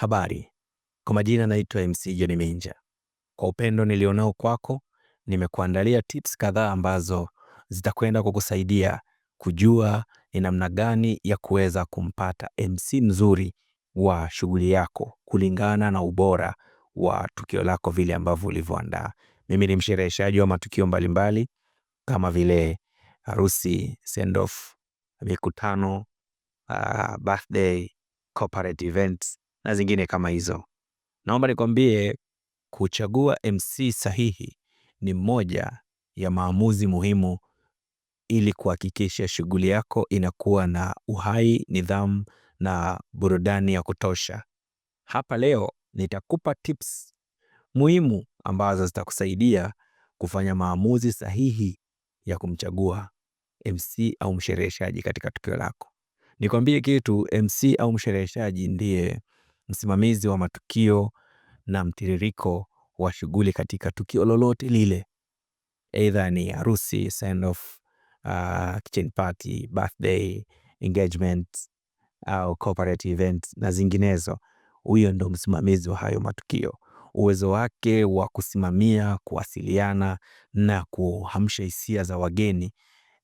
Habari, kwa majina naitwa MC John Minja. Kwa upendo nilionao kwako, nimekuandalia tips kadhaa ambazo zitakwenda kukusaidia kujua ni namna gani ya kuweza kumpata MC mzuri wa shughuli yako kulingana na ubora wa tukio lako vile ambavyo ulivyoandaa. Mimi ni mshereheshaji wa matukio mbalimbali mbali, kama vile harusi, send off, mikutano, uh, birthday, corporate events na zingine kama hizo. Naomba nikwambie, kuchagua MC sahihi ni moja ya maamuzi muhimu ili kuhakikisha shughuli yako inakuwa na uhai, nidhamu na burudani ya kutosha. Hapa leo nitakupa tips muhimu ambazo zitakusaidia kufanya maamuzi sahihi ya kumchagua MC au mshereheshaji katika tukio lako. Nikwambie kitu, MC au mshereheshaji ndiye msimamizi wa matukio na mtiririko wa shughuli katika tukio lolote lile, aidha ni harusi, send off, uh, kitchen party, birthday, engagement au corporate event na zinginezo. Huyo ndo msimamizi wa hayo matukio. Uwezo wake wa kusimamia, kuwasiliana na kuhamsha hisia za wageni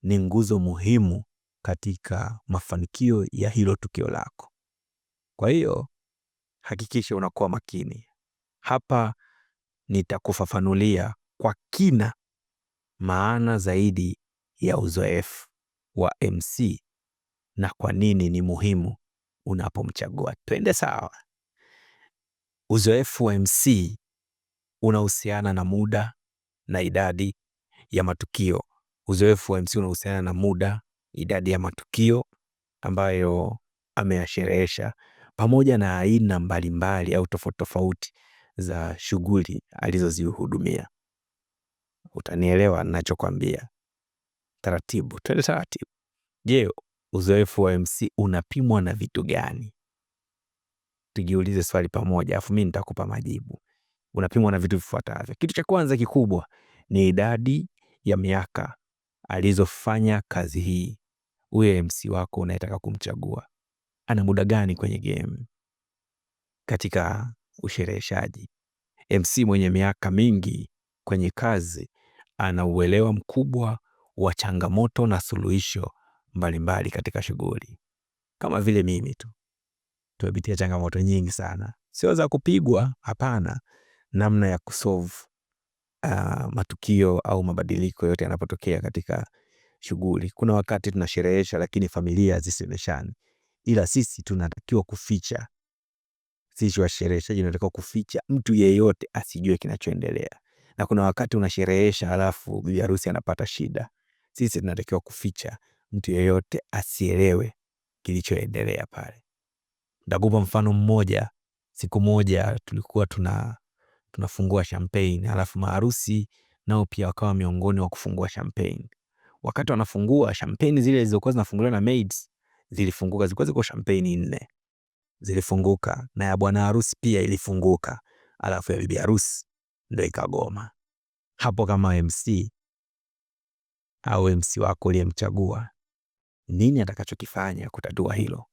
ni nguzo muhimu katika mafanikio ya hilo tukio lako. Kwa hiyo hakikisha unakuwa makini. Hapa nitakufafanulia kwa kina maana zaidi ya uzoefu wa MC na kwa nini ni muhimu unapomchagua. Twende sawa. Uzoefu wa MC unahusiana na muda na idadi ya matukio. Uzoefu wa MC unahusiana na muda, idadi ya matukio ambayo ameyasherehesha pamoja na aina mbalimbali au tofauti tofauti za shughuli alizozihudumia. Utanielewa nachokwambia. Taratibu, twende taratibu. Je, uzoefu wa MC unapimwa na vitu gani? Tujiulize swali pamoja, afu mi nitakupa majibu. Unapimwa na vitu vifuatavyo. Kitu cha kwanza kikubwa ni idadi ya miaka alizofanya kazi hii. Huyo MC wako unayetaka kumchagua ana muda gani kwenye game katika ushereheshaji. MC mwenye miaka mingi kwenye kazi ana uelewa mkubwa wa changamoto na suluhisho mbalimbali mbali katika shughuli. Kama vile mimi tu tumepitia changamoto nyingi sana, sio za kupigwa, hapana, namna ya kusolve uh, matukio au mabadiliko yote yanapotokea katika shughuli. Kuna wakati tunasherehesha, lakini familia hazisemeshani ila sisi tunatakiwa kuficha, sisi washereheshaji tunatakiwa kuficha, mtu yeyote asijue kinachoendelea. Na kuna wakati unasherehesha alafu bibi harusi anapata shida. Sisi tunatakiwa kuficha, mtu yeyote asielewe kilichoendelea pale. Ndakupa mfano mmoja. Siku moja tulikuwa tuna tunafungua champagne, alafu maharusi nao pia wakawa miongoni wa kufungua champagne. Wakati wanafungua champagne zile zilizokuwa zinafunguliwa na maids zilifunguka, zilikuwa ziko champagne nne zilifunguka, na ya bwana harusi pia ilifunguka, alafu ya bibi harusi ndo ikagoma. Hapo kama MC au MC wako uliyemchagua, nini atakachokifanya kutatua hilo?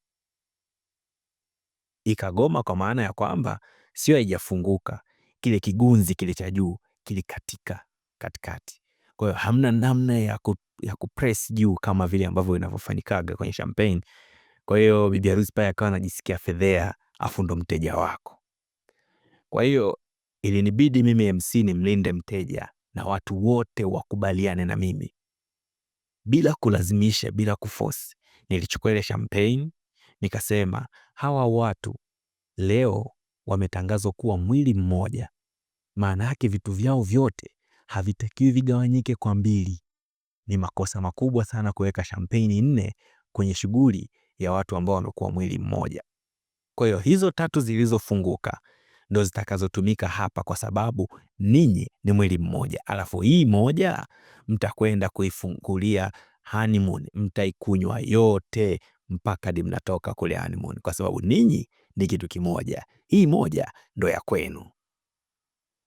Ikagoma kwa maana ya kwamba sio haijafunguka, kile kigunzi kile cha juu kilikatika katikati. Kwa hiyo hamna namna ya ya kupress juu kama vile ambavyo inavyofanyikaga kwenye champagne. Kwa hiyo bibi harusi pale akawa anajisikia fedhea, afu ndo mteja wako. Kwa hiyo ilinibidi mimi MC nimlinde mteja na watu wote wakubaliane na mimi bila kulazimisha, bila kuforce. Nilichukua ile champagne nikasema, hawa watu leo wametangazwa kuwa mwili mmoja, maana yake vitu vyao vyote havitakiwi vigawanyike kwa mbili. Ni makosa makubwa sana kuweka shampeni nne kwenye shughuli ya watu ambao wamekuwa mwili mmoja. Kwa hiyo hizo tatu zilizofunguka ndo zitakazotumika hapa, kwa sababu ninyi ni mwili mmoja, alafu hii moja mtakwenda kuifungulia honeymoon, mtaikunywa yote mpaka dimnatoka mnatoka kule honeymoon, kwa sababu ninyi ni kitu kimoja. Hii moja ndo ya kwenu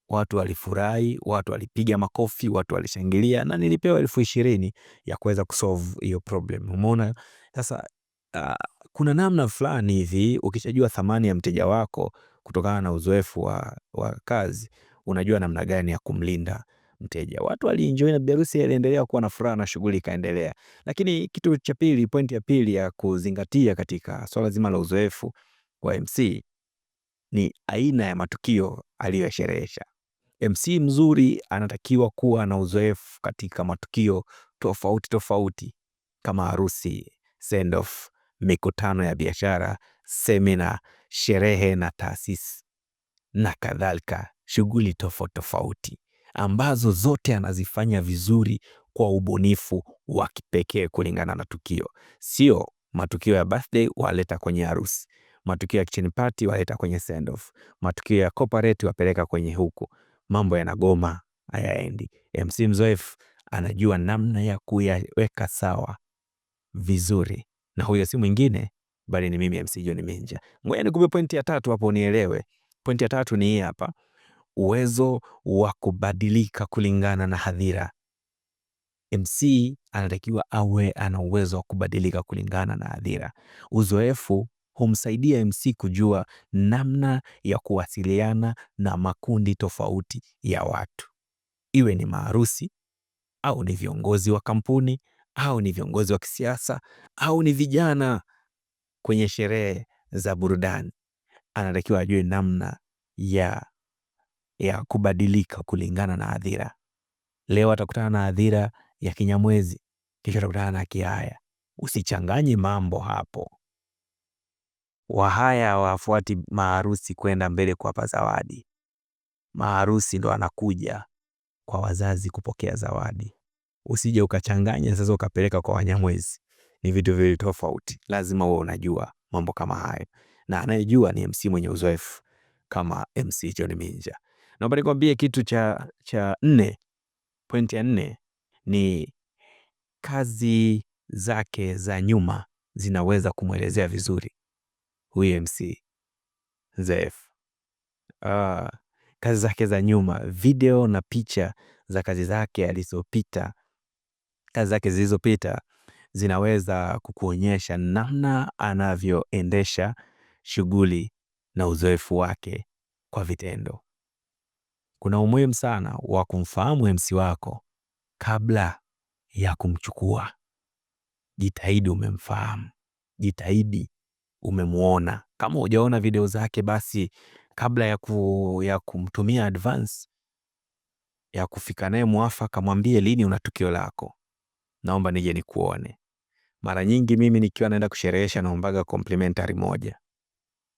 watu walifurahi, watu walipiga makofi, watu walishangilia na nilipewa elfu ishirini ya kuweza kusolve hiyo problem. Umeona sasa, uh, kuna namna fulani hivi ukishajua thamani ya mteja wako kutokana na uzoefu wa, wa kazi unajua namna gani ya kumlinda mteja. Watu walienjoy na biharusi iliendelea kuwa na furaha na shughuli ikaendelea. Lakini kitu cha pili, pointi ya pili ya kuzingatia katika swala so zima la uzoefu wa MC ni aina ya matukio aliyoyasherehesha. MC mzuri anatakiwa kuwa na uzoefu katika matukio tofauti tofauti kama harusi, send off, mikutano ya biashara, semina, sherehe na taasisi na kadhalika, shughuli tofauti tofauti ambazo zote anazifanya vizuri kwa ubunifu wa kipekee kulingana na tukio. Sio matukio ya birthday waleta kwenye harusi, matukio ya kitchen party waleta kwenye send off, matukio ya corporate wapeleka kwenye huku mambo yanagoma, hayaendi. MC mzoefu anajua namna ya kuyaweka sawa vizuri, na huyo si mwingine bali ni mimi MC John Minja. Ngoja nikupe pointi ya tatu hapo unielewe. Pointi ya tatu ni hii hapa, uwezo wa kubadilika kulingana na hadhira. MC anatakiwa awe ana uwezo wa kubadilika kulingana na hadhira. Uzoefu humsaidia MC kujua namna ya kuwasiliana na makundi tofauti ya watu, iwe ni maharusi au ni viongozi wa kampuni au ni viongozi wa kisiasa au ni vijana kwenye sherehe za burudani. Anatakiwa ajue namna ya, ya kubadilika kulingana na hadhira. Leo atakutana na hadhira ya Kinyamwezi, kesho atakutana na Kihaya. Usichanganye mambo hapo. Wahaya hawafuati maharusi kwenda mbele kuwapa zawadi, maharusi ndo anakuja kwa wazazi kupokea zawadi. Usije ukachanganya sasa ukapeleka kwa Wanyamwezi, ni vitu viwili tofauti. Lazima uwe unajua mambo kama hayo, na anayejua ni MC mwenye uzoefu kama MC John Minja. Naomba nikwambie kitu cha cha nne, pointi ya nne ni kazi zake za nyuma zinaweza kumwelezea vizuri UMC Zef. Ah, kazi zake za nyuma, video na picha za kazi zake alizopita, kazi zake zilizopita zinaweza kukuonyesha namna anavyoendesha shughuli na uzoefu wake kwa vitendo. Kuna umuhimu sana wa kumfahamu MC wako kabla ya kumchukua. Jitahidi umemfahamu, jitahidi umemwona. Kama hujaona video zake, basi kabla ya, ku, ya kumtumia advance ya kufika naye mwafaka, mwambie lini una tukio lako, naomba nije nikuone. Mara nyingi mimi nikiwa naenda kusherehesha naombaga complimentary moja,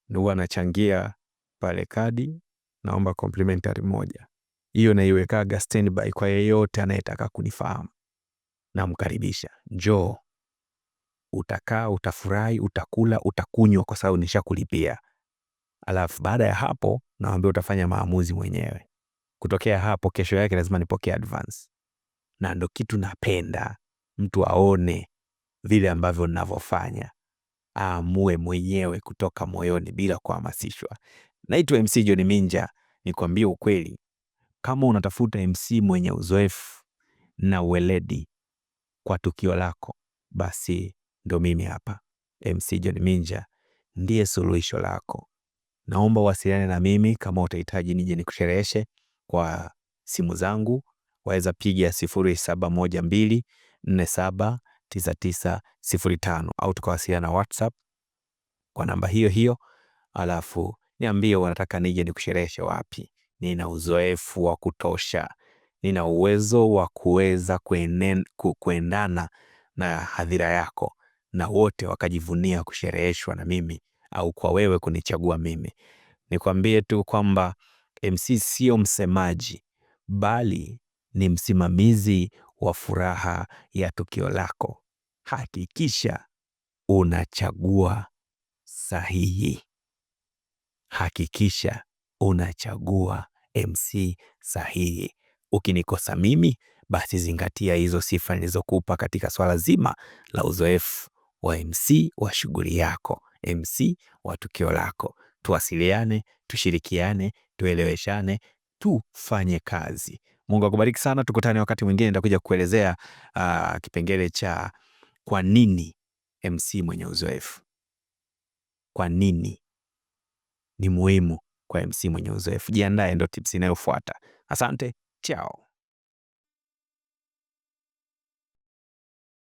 ndio anachangia pale kadi, naomba complimentary moja. Hiyo naiwekaga standby kwa yeyote anayetaka kunifahamu, namkaribisha njoo utakaa, utafurahi, utakula, utakunywa kwa sababu nishakulipia. Alafu baada ya hapo naambia utafanya maamuzi mwenyewe. Kutokea hapo, kesho yake lazima nipokee advance, na ndo kitu napenda mtu aone vile ambavyo ninavyofanya, aamue mwenyewe kutoka moyoni bila kuhamasishwa. Naitwa MC John Minja, nikwambie ukweli, kama unatafuta MC mwenye uzoefu na uweledi kwa tukio lako, basi ndo mimi hapa MC John Minja ndiye suluhisho lako. Naomba uwasiliane na mimi kama utahitaji nije nikushereheshe kwa simu zangu, waweza piga 0712479905 au tukawasiliana na WhatsApp kwa namba hiyo hiyo, alafu niambie unataka nije nikushereheshe wapi. Nina uzoefu wa kutosha, nina uwezo wa kuweza kuendana na hadhira yako na wote wakajivunia kushereheshwa na mimi au kwa wewe kunichagua mimi. Nikwambie tu kwamba MC sio msemaji, bali ni msimamizi wa furaha ya tukio lako. Hakikisha unachagua sahihi. Hakikisha unachagua MC sahihi. Ukinikosa mimi, basi zingatia hizo sifa nilizokupa katika swala zima la uzoefu wa MC wa shughuli yako, MC wa tukio lako. Tuwasiliane, tushirikiane, tueleweshane, tufanye kazi. Mungu akubariki sana, tukutane wakati mwingine. Nitakuja kuelezea uh, ah, kipengele cha kwa nini MC mwenye uzoefu, kwa nini ni muhimu kwa MC mwenye uzoefu. Jiandae, ndo tips inayofuata. Asante, chao.